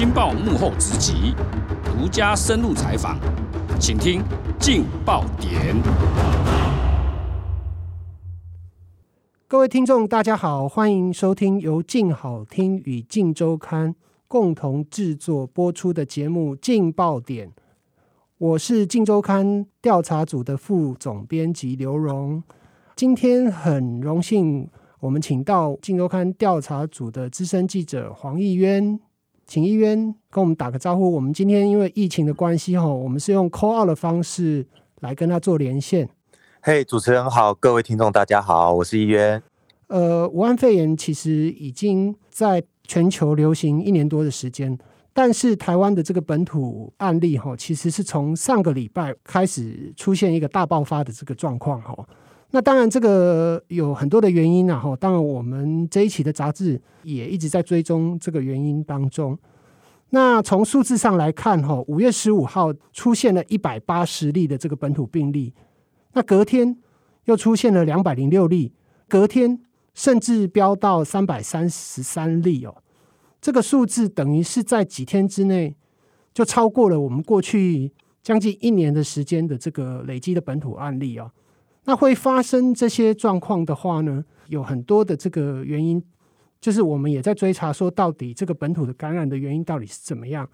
《鏡報》幕後直擊，獨家深入採訪，請聽《鏡爆點》。各位聽眾，大家好，歡迎收聽由《鏡好聽》與《鏡週刊》共同製作播出的節目《鏡爆點》。我是《鏡週刊》調查組的副總編輯劉榮，今天很榮幸，我們請到《鏡週刊》調查組的資深記者黃義淵。請一淵跟我們打個招呼。我們今天因為疫情的關係，我們是用 call out 的方式來跟他做連線。嘿，hey，主持人好，各位聽眾大家好，我是一淵。呃，武漢肺炎其實已經在全球流行一年多的時間，但是台灣的這個本土案例，其實是從上個禮拜開始出現一個大爆發的這個狀況，那當然，這個有很多的原因啊，當然，我們這一期的雜誌也一直在追蹤這個原因當中。那從數字上來看，哈，五月十五號出現了一百八十例的這個本土病例，那隔天又出現了兩百零六例，隔天甚至飆到三百三十三例哦。這個數字等於是在幾天之內就超過了我們過去將近一年的時間的這個累積的本土案例哦。那會發生這些狀況的話呢？有很多的這個原因，就是我們也在追查，說到底這個本土的感染的原因到底是怎麼樣。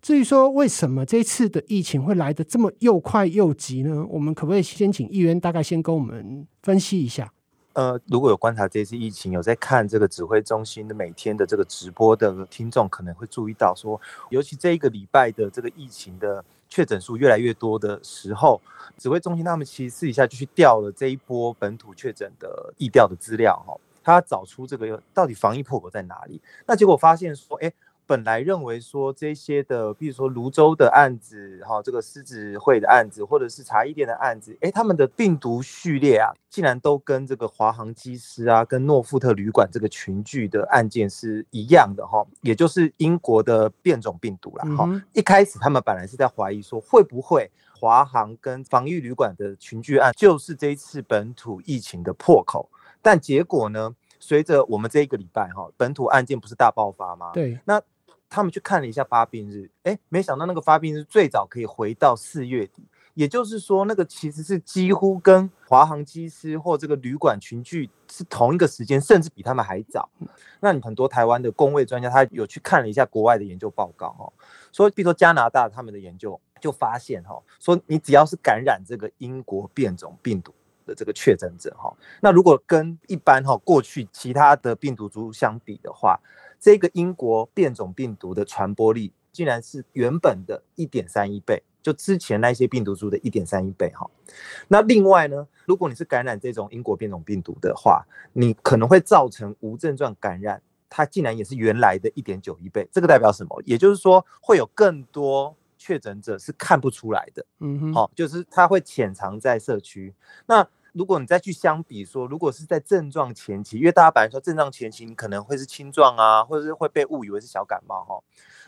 至於說為什麼這次的疫情會來得這麼又快又急呢？我們可不可以先請議員大概先跟我們分析一下？呃，如果有觀察這次疫情，有在看這個指揮中心的每天的這個直播的聽眾，可能會注意到說，尤其這一個禮拜的這個疫情的。確診數越來越多的時候，指揮中心他們其實私底下就去調了這一波本土確診的疫調的資料哈，他找出這個到底防疫破口在哪裡？那結果發現說，哎、欸。本來認為說這些的，比如說蘆洲的案子，哈，這個獅子會的案子，或者是茶藝店的案子，哎、欸，他們的病毒序列啊，竟然都跟這個華航機師啊，跟諾富特旅館這個群聚的案件是一樣的，哈，也就是英國的變種病毒了，哈、嗯哼。一開始他們本來是在懷疑說，會不會華航跟防疫旅館的群聚案就是這一次本土疫情的破口，但結果呢，隨着我們這一個禮拜，哈，本土案件不是大爆發嗎？對，那。他們去看了一下發病日誒，沒想到那個發病日最早可以回到四月底，也就是說，那個其實是幾乎跟華航機師或這個旅館群聚是同一個時間，甚至比他們還早。那你很多台灣的公衛專家，他有去看了一下國外的研究報告，哦，說，比如說加拿大他們的研究就發現、哦，哈，說你只要是感染這個英國變種病毒的這個確診者、哦，哈，那如果跟一般哈、哦、過去其他的病毒株相比的話。這個英國變種病毒的傳播力竟然是原本的1.31倍，就之前那些病毒株的1.31倍哈、哦。那另外呢，如果你是感染這種英國變種病毒的話，你可能會造成無症狀感染，它竟然也是原來的1.91倍。這個代表什麼？也就是說，會有更多確診者是看不出來的。嗯哼，好、哦，就是它會潛藏在社區。那如果你再去相比說，如果是在症狀前期，因為大家本來說症狀前期你可能會是輕狀啊，或者是會被誤以為是小感冒哈、哦，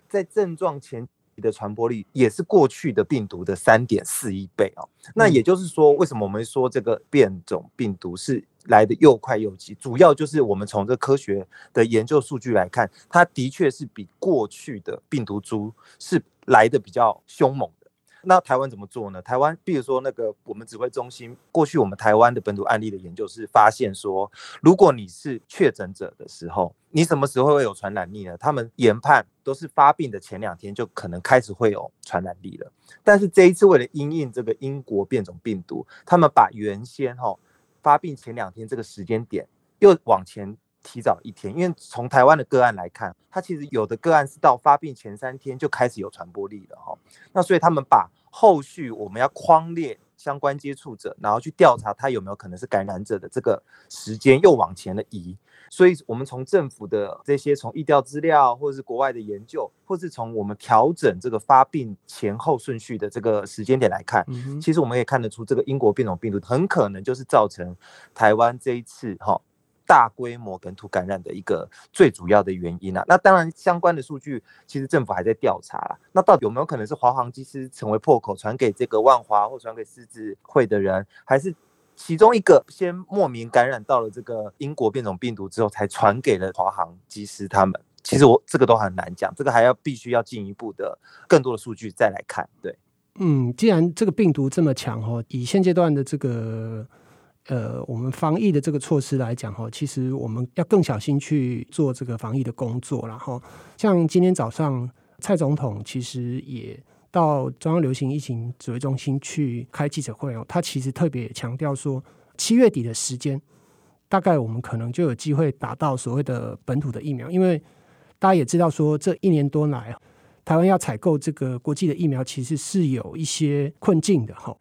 在症狀前期的傳播率也是過去的病毒的三點四一倍哦。那也就是說，為什麼我們說這個變種病毒是來得又快又急，主要就是我們從這科學的研究數據來看，它的確是比過去的病毒株是來得比較兇猛的。那台灣怎麼做呢？台灣，比如說那個我們指揮中心過去我們台灣的本土案例的研究是發現說，如果你是確診者的時候，你什麼時候會有傳染力呢？他們研判都是發病的前兩天就可能開始會有傳染力了。但是這一次為了因應這個英國變種病毒，他們把原先哈、哦、發病前兩天這個時間點又往前。提早一天，因為從台灣的個案來看，它其實有的個案是到發病前三天就開始有傳播力了哈、哦。那所以他們把後續我們要框列相關接觸者，然後去調查他有沒有可能是感染者的這個時間又往前了移。所以我們從政府的這些從疫調資料，或是國外的研究，或是從我們調整這個發病前後順序的這個時間點來看，嗯、哼其實我們也看得出，這個英國變種病毒很可能就是造成台灣這一次哈。哦大規模本土感染的一個最主要的原因啊，那當然相關的數據其實政府還在調查啦。那到底有沒有可能是華航機師成為破口，傳給這個萬華或傳給獅子會的人，還是其中一個先莫名感染到了這個英國變種病毒之後，才傳給了華航機師他們？其實我這個都很難講，這個還要必須要進一步的更多的數據再來看。對，嗯，既然這個病毒這麼強哦，以現階段的這個。呃，我們防疫的這個措施來講哈，其實我們要更小心去做這個防疫的工作。然後，像今天早上蔡總統其實也到中央流行疫情指揮中心去開記者會哦，他其實特別強調說，七月底的時間，大概我們可能就有機會打到所謂的本土的疫苗，因為大家也知道說，這一年多來，台灣要採購這個國際的疫苗，其實是有一些困境的哈。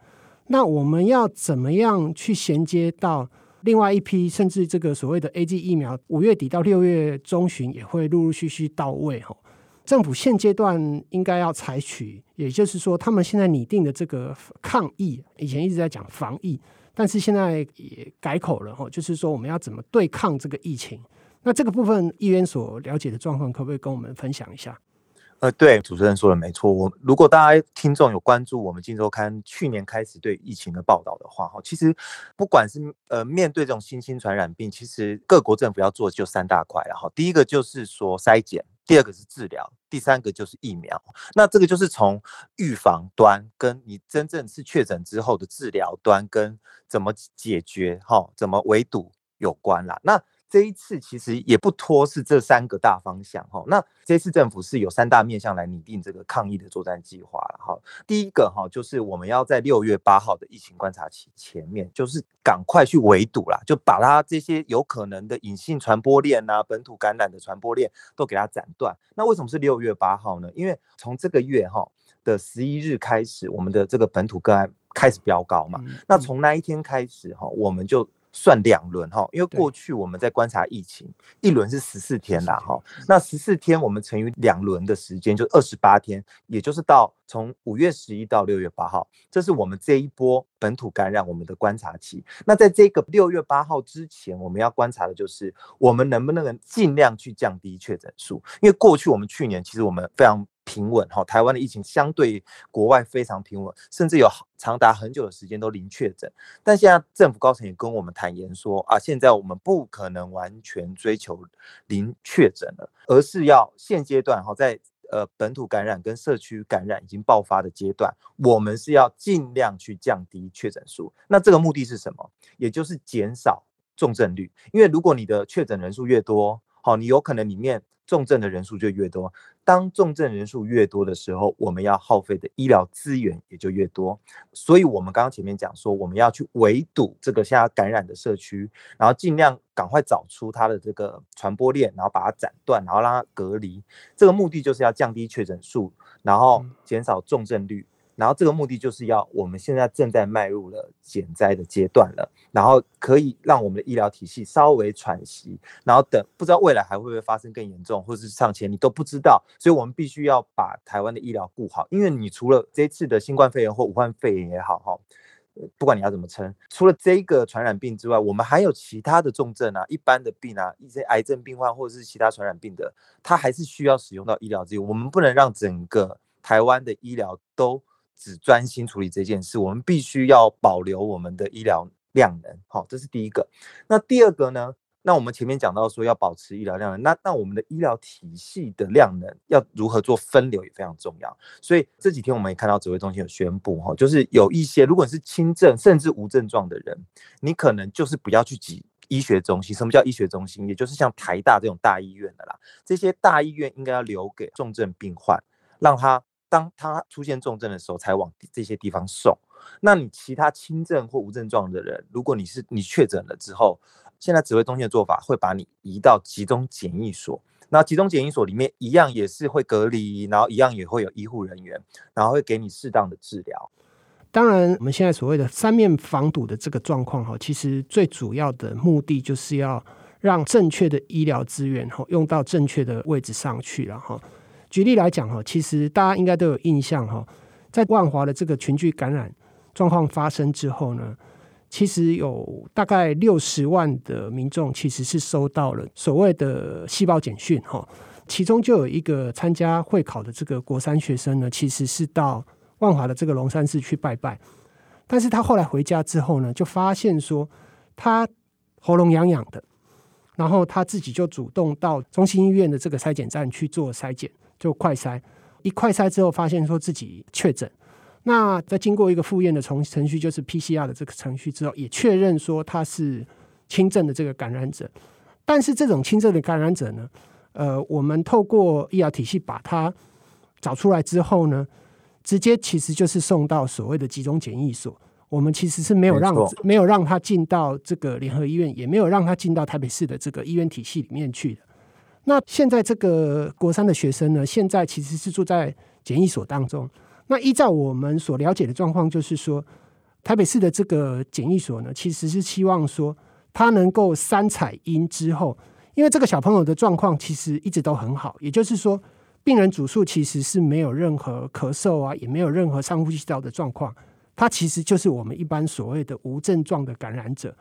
那我們要怎麼樣去銜接到另外一批，甚至這個所謂的 AZ 疫苗，五月底到六月中旬也會陸陸續續到位哈、哦。政府現階段應該要採取，也就是說，他們現在擬定的這個抗疫，以前一直在講防疫，但是現在也改口了哈、哦，就是說我們要怎麼對抗這個疫情？那這個部分議員所了解的狀況，可不可以跟我們分享一下？呃，對，主持人說的沒錯。我如果大家聽眾有關注我們《鏡週刊》去年開始對疫情的報道的話，哈，其實不管是呃面對這種新型傳染病，其實各國政府要做就三大塊了哈。第一個就是說篩檢，第二個是治療，第三個就是疫苗。那這個就是從預防端跟你真正是確診之後的治療端跟怎麼解決哈，怎麼圍堵有關啦那這一次其實也不脫，是這三個大方向哈。那這次政府是有三大面向來擬定這個抗疫的作戰計劃了哈。第一個哈，就是我們要在六月八號的疫情觀察期前面，就是趕快去圍堵啦，就把它這些有可能的隱性傳播鏈吶、啊、本土感染的傳播鏈都給它斬斷。那為什麼是六月八號呢？因為從這個月哈的十一日開始，我們的這個本土個案開始飆高嘛。嗯嗯那從那一天開始哈，我們就。算兩輪哈，因為過去我們在觀察疫情，對一輪是十四天啦哈，那十四天我們乘以兩輪的時間就二十八天，也就是到從五月十一到六月八號，這是我們這一波本土感染我們的觀察期。那在這個六月八號之前，我們要觀察的就是我們能不能盡量去降低確診數，因為過去我們去年其實我們非常。平穩哈，台灣的疫情相對國外非常平穩，甚至有長達很久的時間都零確診。但現在政府高層也跟我們坦言說啊，現在我們不可能完全追求零確診了，而是要現階段哈，在呃本土感染跟社區感染已經爆發的階段，我們是要盡量去降低確診數。那這個目的是什麼？也就是減少重症率，因為如果你的確診人數越多，好，你有可能裡面重症的人數就越多。當重症人數越多的時候，我們要耗費的醫療資源也就越多。所以，我們剛剛前面講說，我們要去圍堵這個現在感染的社區，然後盡量趕快找出它的這個傳播鏈，然後把它斬斷，然後讓它隔離。這個目的就是要降低確診數，然後減少重症率。嗯。然後這個目的就是要，我們現在正在邁入了減災的階段了，然後可以讓我們的醫療體系稍微喘息，然後等不知道未來還會不會發生更嚴重，或者是上千，你都不知道，所以我們必須要把台灣的醫療顧好，因為你除了這次的新冠肺炎或武漢肺炎也好，哈，不管你要怎麼稱，除了這個傳染病之外，我們還有其他的重症啊、一般的病啊、一些癌症病患或者是其他傳染病的，它還是需要使用到醫療資源，我們不能讓整個台灣的醫療都。只專心處理這件事，我們必須要保留我們的醫療量能。好，這是第一個。那第二個呢？那我們前面講到說要保持醫療量能，那那我們的醫療體系的量能要如何做分流也非常重要。所以這幾天我們也看到指揮中心有宣布，哈，就是有一些如果是輕症甚至無症狀的人，你可能就是不要去擠醫學中心。什麼叫醫學中心？也就是像台大這種大醫院的啦，這些大醫院應該要留給重症病患，讓他。當他出現重症的時候，才往這些地方送。那你其他輕症或無症狀的人，如果你是你確診了之後，現在指揮中心的做法會把你移到集中檢疫所。那集中檢疫所裡面一樣也是會隔離，然後一樣也會有醫護人員，然後會給你適當的治療。當然，我們現在所謂的三面防堵的這個狀況哈，其實最主要的目的就是要讓正確的醫療資源哈用到正確的位置上去，然後。舉例來講哈，其實大家應該都有印象哈，在萬華的這個群聚感染狀況發生之後呢，其實有大概六十萬的民眾其實是收到了所謂的細胞簡訊哈，其中就有一個參加會考的這個國三學生呢，其實是到萬華的這個龍山寺去拜拜，但是他後來回家之後呢，就發現說他喉嚨癢癢的，然後他自己就主動到中心醫院的這個篩檢站去做篩檢。就快篩，一快篩之後發現說自己確診，那再經過一個複驗的程序，就是 PCR 的這個程序之後，也確認說他是輕症的這個感染者。但是這種輕症的感染者呢，呃，我們透過醫療體系把他找出來之後呢，直接其實就是送到所謂的集中檢疫所。我們其實是沒有讓沒錯。沒有讓他進到這個聯合醫院，也沒有讓他進到台北市的這個醫院體系裡面去的。那現在這個國三的學生呢，現在其實是住在檢疫所當中。那依照我們所了解的狀況，就是說台北市的這個檢疫所呢，其實是希望說他能夠三採陰之後，因為這個小朋友的狀況其實一直都很好，也就是說病人主訴其實是沒有任何咳嗽啊，也沒有任何上呼吸道的狀況，他其實就是我們一般所謂的無症狀的感染者。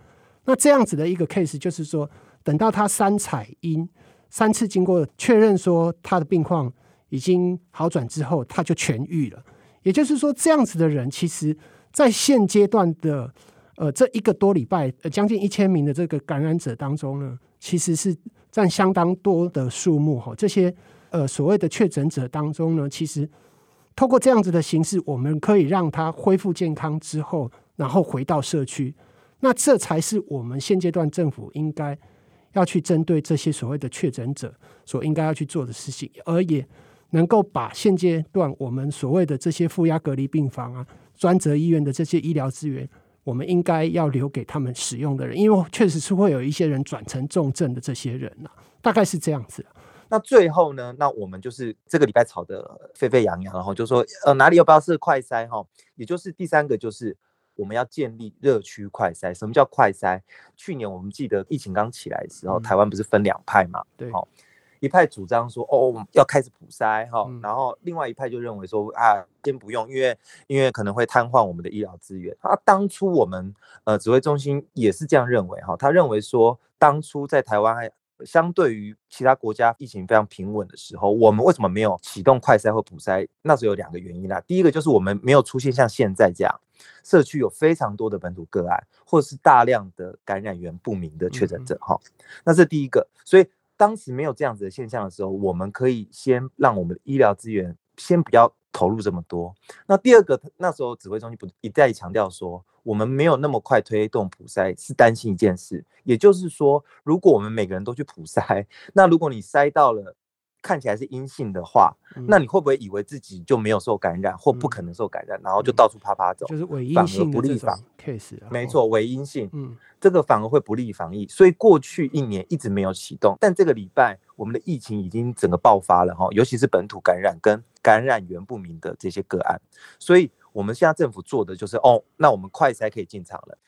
那這樣子的一個 case，就是說等到他三採陰。三次經過確認，說他的病況已經好轉之後，他就痊癒了。也就是說，這樣子的人，其實在現階段的呃這一個多禮拜，呃，將近一千名的這個感染者當中呢，其實是佔相當多的數目哈，哦。這些呃所謂的確診者當中呢，其實透過這樣子的形式，我們可以讓他恢復健康之後，然後回到社區。那這才是我們現階段政府應該。要去針對這些所謂的確診者所應該要去做的事情，而也能夠把現階段我們所謂的這些負壓隔離病房啊、專責醫院的這些醫療資源，我們應該要留給他們使用的人，因為確實是會有一些人轉成重症的這些人，啊，大概是這樣子。那最後呢？那我們就是這個禮拜吵得沸沸揚揚，然後就說呃，哪裡有？不要是快篩哈，哦？也就是第三個就是。我們要建立熱區快篩。什麼叫快篩？去年我們記得疫情剛起來的時候，嗯、台灣不是分兩派嘛？對，哈、哦，一派主張說，哦，要開始普篩哈，然後另外一派就認為說，啊，先不用，因為因為可能會癱瘓我們的醫療資源。啊，當初我們呃指揮中心也是這樣認為哈，他、哦、認為說，當初在台灣還。相對於其他國家疫情非常平穩的時候，我們為什麽沒有啟動快篩或補篩？那是有兩個原因啦。第一個就是我們沒有出現像現在這樣社區有非常多的本土個案，或者是大量的感染源不明的確診者哈。嗯哼。那是第一個，所以當時沒有這樣子的現象的時候，我們可以先讓我們的醫療資源。先不要投入這麼多。那第二個，那時候指揮中心不一再一強調說，我們沒有那麼快推動普篩，是擔心一件事，也就是說，如果我們每個人都去普篩，那如果你篩到了。看起來是陰性的話，嗯、那你會不會以為自己就沒有受感染或不可能受感染，嗯、然後就到處趴趴走、嗯？就是偽陰性反不利防種 case 沒錯，偽陰性，嗯，這個反而會不利防疫。所以過去一年一直沒有啟動，但這個禮拜我們的疫情已經整個爆發了哈、哦，尤其是本土感染跟感染源不明的這些個案。所以我們現在政府做的就是，哦，那我們快篩可以進場了。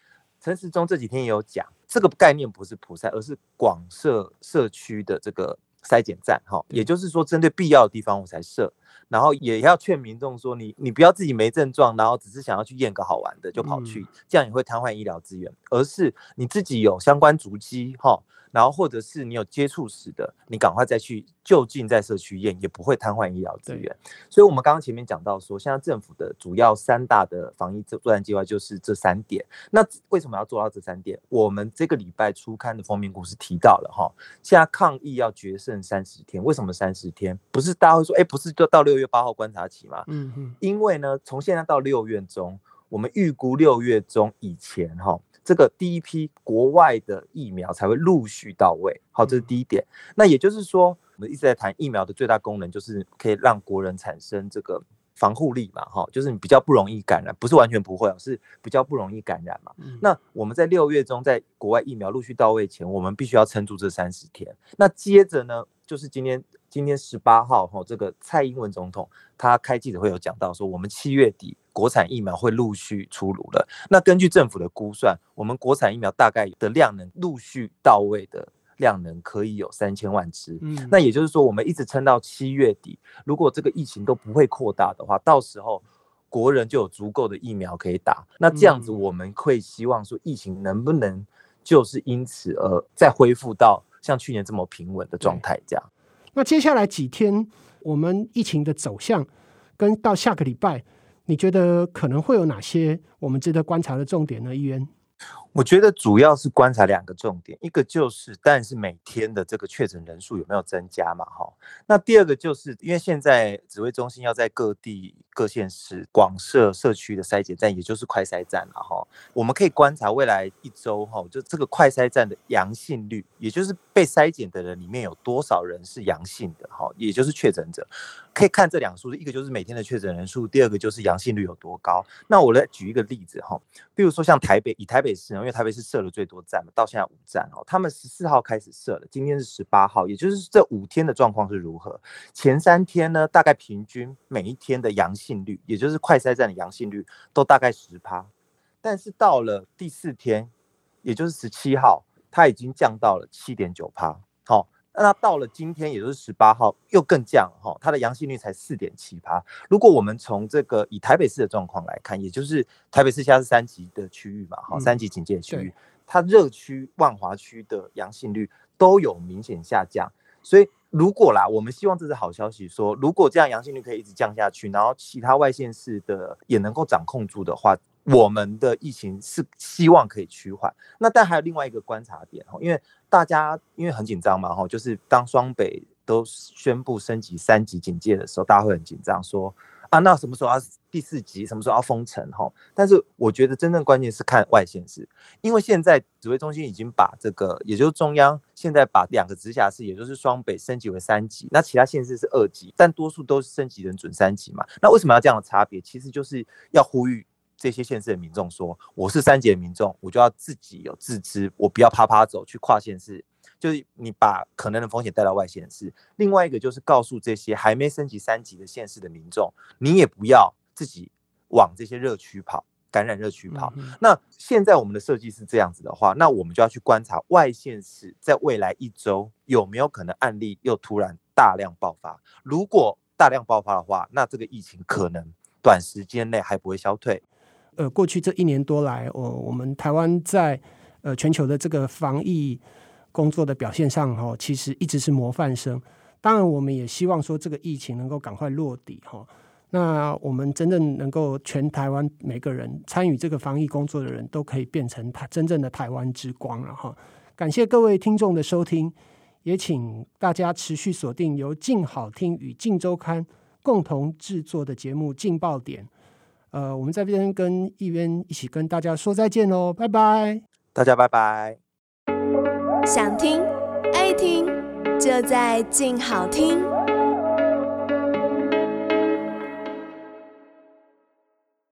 陳時中這幾天也有講，這個概念不是普篩，而是廣設社區的這個。篩檢站，哈，也就是說，針對必要的地方我才設。對然後也要勸民眾說你，你你不要自己沒症狀，然後只是想要去驗個好玩的就跑去，嗯、這樣也會癱瘓醫療資源，而是你自己有相關足跡，哈。然後，或者是你有接觸史的，你趕快再去就近在社區醫院，也不會癱瘓醫療資源。對所以，我們剛剛前面講到說，現在政府的主要三大的防疫作戰計劃就是這三點。那為什麼要做到這三點？我們這個禮拜初刊的封面故事提到了哈，現在抗疫要決勝三十天，為什麼三十天？不是大家會說，哎，不是就到六月八號觀察期嗎？嗯嗯哼。因為呢，從現在到六月中，我們預估六月中以前哈。這個第一批國外的疫苗才會陸續到位，好，這是第一點。嗯、那也就是說，我們一直在談疫苗的最大功能，就是可以讓國人產生這個防護力嘛，哈，就是你比較不容易感染，不是完全不會，是比較不容易感染嘛。嗯、那我們在六月中，在國外疫苗陸續到位前，我們必須要撐住這三十天。那接着呢，就是今天，今天十八號，哈，這個蔡英文總統他開記者會有講到說，我們七月底。國產疫苗會陸續出爐了。那根據政府的估算，我們國產疫苗大概的量能陸續到位的量能可以有三千萬支。嗯，那也就是說，我們一直撐到七月底，如果這個疫情都不會擴大的話，到時候國人就有足夠的疫苗可以打。那這樣子，我們會希望說，疫情能不能就是因此而再恢復到像去年這麼平穩的狀態？這樣。嗯。那接下來幾天我們疫情的走向，跟到下個禮拜。你覺得可能會有哪些我們值得觀察的重點呢，議員？我覺得主要是觀察兩個重點，一個就是，但是每天的這個確診人數有沒有增加嘛？哈，那第二個就是因為現在指揮中心要在各地各縣市廣設社區的篩檢站，也就是快篩站了哈。我們可以觀察未來一周哈，就這個快篩站的陽性率，也就是被篩檢的人裡面有多少人是陽性的哈，也就是確診者，可以看這兩數字，一個就是每天的確診人數，第二個就是陽性率有多高。那我來舉一個例子哈，比如說像台北，以台北市。因為台北是設了最多站，到現在五站哦，他們十四號開始設的，今天是十八號，也就是這五天的狀況是如何？前三天呢，大概平均每一天的陽性率，也就是快篩站的陽性率，都大概十趴。但是到了第四天，也就是十七號，它已經降到了七點九趴。那到了今天，也就是十八號，又更降哈，它的陽性率才四點七八。如果我們從這個以台北市的狀況來看，也就是台北市現在是三級的區域嘛，哈、嗯，三級警戒區域，對它熱區萬華區的陽性率都有明顯下降。所以如果啦，我們希望這是好消息說，說如果這樣陽性率可以一直降下去，然後其他外縣市的也能夠掌控住的話。我們的疫情是希望可以趨緩，那但還有另外一個觀察點，哈，因為大家因為很緊張嘛，哈，就是當雙北都宣布升級三級警戒的時候，大家會很緊張，說啊，那什麼時候要第四級？什麼時候要封城？吼，但是我覺得真正關鍵是看外縣市，因為現在指揮中心已經把這個，也就是中央現在把兩個直轄市，也就是雙北升級為三級，那其他縣市是二級，但多數都是升級成準三級嘛，那為什麼要這樣的差別？其實就是要呼籲。這些縣市的民眾說：“我是三級的民眾，我就要自己有自知，我不要趴趴走去跨縣市，就是你把可能的風險帶到外縣市。另外一個就是告訴這些還沒升級三級的縣市的民眾，你也不要自己往這些熱區跑，感染熱區跑。嗯、哼那現在我們的設計是這樣子的話，那我們就要去觀察外縣市在未來一周有沒有可能案例又突然大量爆發。如果大量爆發的話，那這個疫情可能短時間內還不會消退。”呃，過去這一年多來，我我們台灣在呃全球的這個防疫工作的表現上，哈，其實一直是模範生。當然，我們也希望說，這個疫情能夠趕快落地，哈。那我們真正能夠全台灣每個人參與這個防疫工作的人都可以變成真正的台灣之光了，哈。感謝各位聽眾的收聽，也請大家持續鎖定由鏡好聽與鏡週刊共同製作的節目《鏡爆點》。呃，我們在這邊跟一邊一起跟大家說再見嘍，拜拜，大家拜拜。想聽，愛聽，就在鏡好聽。